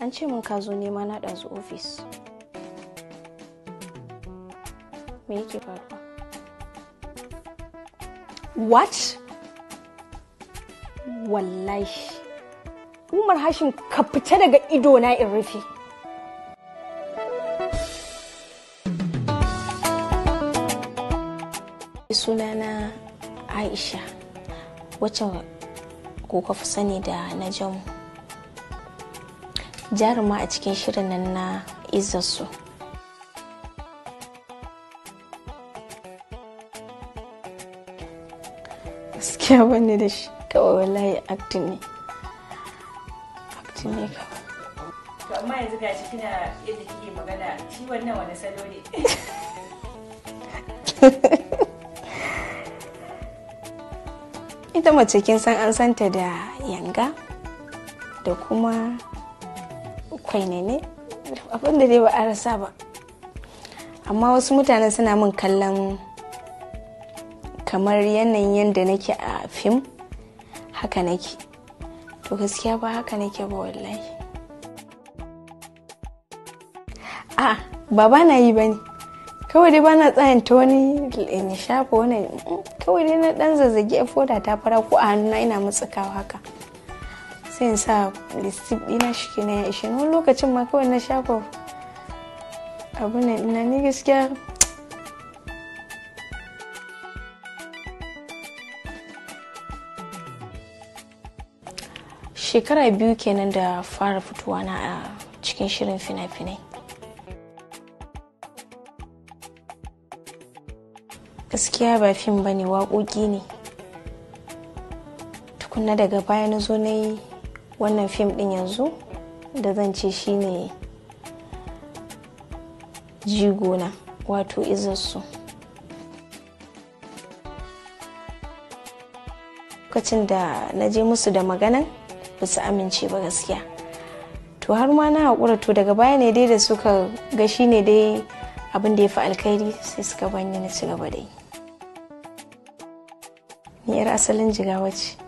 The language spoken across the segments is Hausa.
an ce min ka zo nema na ɗazu ofis me yake faruwa what wallahi umar hashin ka fita daga idona in rufe sunana aisha wacce ko ka fi sani da na jamu? jaruma a cikin shirin nan na izarsu gaskiya wani da shi kawai wallahi acting ne acting ne kawai amma yanzu ga shi kina yadda kike magana shi wannan wani salo ne ita mace kin san an santa da yanga da kuma bakwai ne ne abinda dai ba a rasa ba amma wasu mutanen suna min kallon kamar yanayin yadda nake a fim haka nake to gaskiya ba haka nake ba wallahi a ba ba na yi ba ne kawai dai ba na ta wani in shafa wani kawai dai na dan zazzage a foda ta fara ko a hannu na ina mutsikawa haka sai sa listip ɗina shi ke ya ishe wani lokacin ma kawai na shafa abu ne ina ni gaskiya shekara biyu kenan da fara fitowa na a cikin shirin fina-finai gaskiya ba fim ba ne waƙoƙi ne tukunna daga baya na zo na yi wannan fim din yanzu da zan ce shine jigona wato izinsu. lokacin da na je musu da maganan ba su amince ba gaskiya to har ma na haƙura to daga baya ne dai da suka ga shi ne dai abin da ya fi alkhairi sai suka bani na ci gaba dai ni yar asalin jigawa ce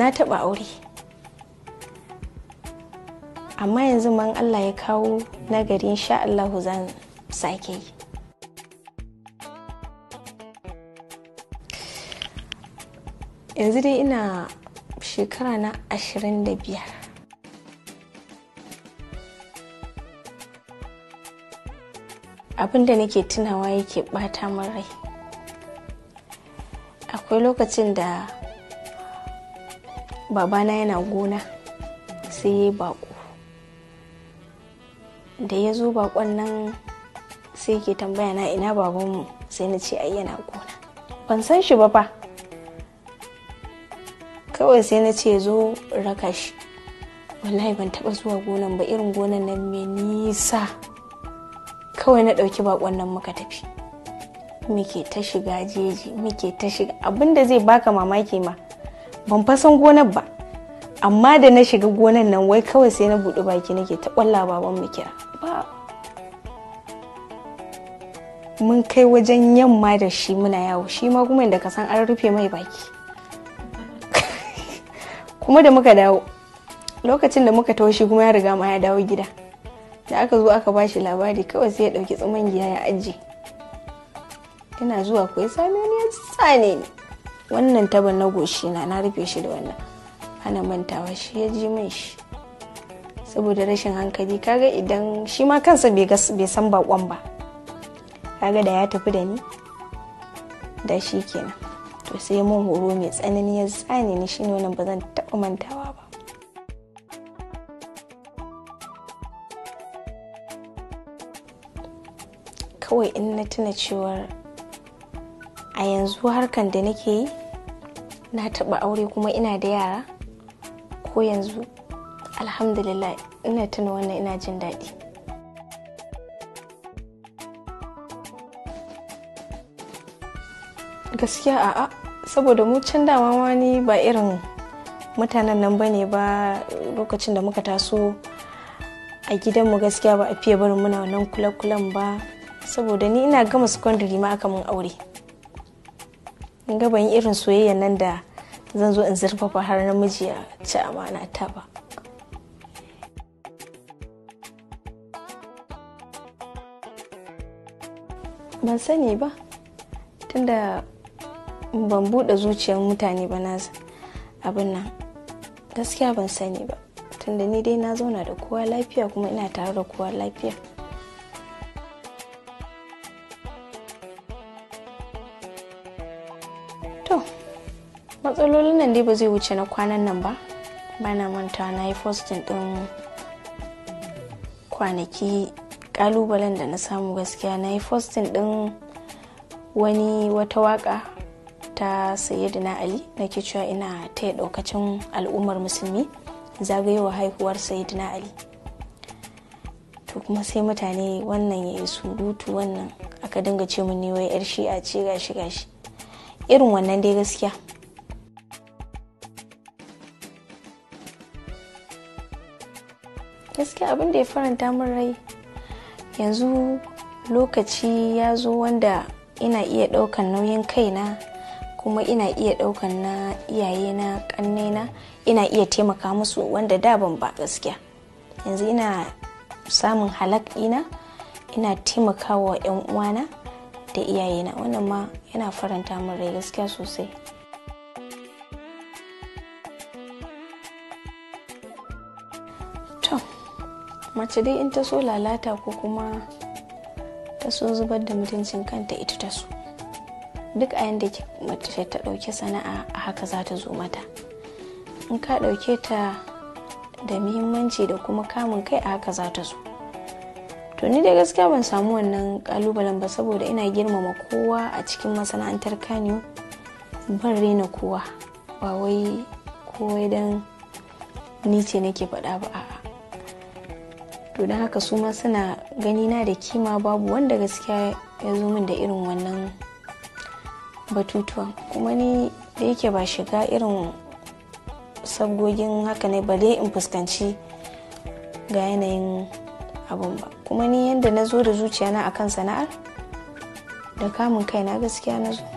na taɓa aure amma yanzu man allah ya kawo nagari insha allahu zan sake yi yanzu dai ina shekara na ashirin da biyar abinda nake tunawa yake bata min rai akwai lokacin da babana yana gona sai ya bako da ya zo bakon nan sai ke tambaya na ina babanmu sai na ce ai yana gona ban san shi ba fa kawai sai na ce zo raka shi wallahi ban taba zuwa gonan ba irin gonan nan mai nisa kawai na ɗauki bakon nan muka tafi muke ta shiga jeji muke ta shiga abinda zai baka mamaki ma ban fasan gonar ba amma da na shiga gonar nan wai kawai sai na buɗe baki nake ta ƙwalla baban mu kira ba mun kai wajen yamma da shi muna yawo shi ma kuma inda ka san an rufe mai baki kuma da muka dawo lokacin da muka taho shi kuma ya riga ma ya dawo gida da aka zo aka bashi labari kawai sai ya ɗauki tsaman ya ajiye ina zuwa ko ya same ni ya tsane ni wannan taban na goshi na na rufe shi da wannan hana mantawa shi ya ji min shi saboda rashin hankali kaga idan shi ma kansa bai san bakon ba kaga da ya tafi da ni da shi kenan to sai mun horo mai tsanani ya tsane ni shi ne wannan ba zan taɓa mantawa ba kawai in na tuna cewar a yanzu harkan da nake yi na taɓa aure kuma ina da yara ko yanzu alhamdulillah ina tuna wannan ina jin daɗi gaskiya a'a saboda mu can dama wani ba irin mutanen nan bane ba lokacin da muka taso a gidanmu gaskiya ba a fiye barin muna wannan kula-kulan ba saboda ni ina gama secondary ma aka mun aure ga ban irin soyayya nan da zan zo in zurfafa har namiji a ci amana ta ba ban sani ba tunda ban buɗe zuciyar mutane ba na abin nan gaskiya ban sani ba tunda ni dai na zauna da kowa lafiya kuma ina tare da kowa lafiya To, matsalolin nan dai ba zai wuce na kwanan nan ba. Bana manta na yi fostin ɗin kwanaki kalubalen da na samu gaskiya na yi fostin ɗin wani wata waka ta sayyidina ali na ke cewa ina taya daukacin al'ummar musulmi zagayewa haihuwar sayyidina ali to kuma sai mutane wannan ya yi surutu wannan aka dinga ce mun ne wai yar shi a ce gashi gashi irin wannan dai gaskiya gaskiya abin da ya faranta min rai yanzu lokaci ya zo wanda ina iya ɗaukan nauyin kaina kuma ina iya ɗaukan na iyayena ƙannena ina iya taimaka musu wanda da ban ba gaskiya yanzu ina samun halak ɗina ina taimakawa 'yan uwana da iyayena wannan ma yana faranta min rai gaskiya sosai to mace dai in ta so lalata ko kuma ta so zubar da mutuncin kanta ita ta so duk a yadda mace ta ɗauki sana'a a haka za ta zo mata in ka ɗauke ta da muhimmanci da kuma kamun kai a haka za ta zo to ni da gaskiya ban samu wannan kalubalen ba saboda ina girmama kowa a cikin masana'antar kano ban rena kowa ba wai kowai don ni ce nake faɗa ba a'a to don haka su ma suna gani na da kima babu wanda gaskiya ya zo min da irin wannan batutuwan kuma ni da yake ba shiga irin sabgogin haka ne bale in fuskanci ga yanayin abun ba kuma ni yadda na zo da zuciya na akan sana'ar da kamun kai na gaskiya na zo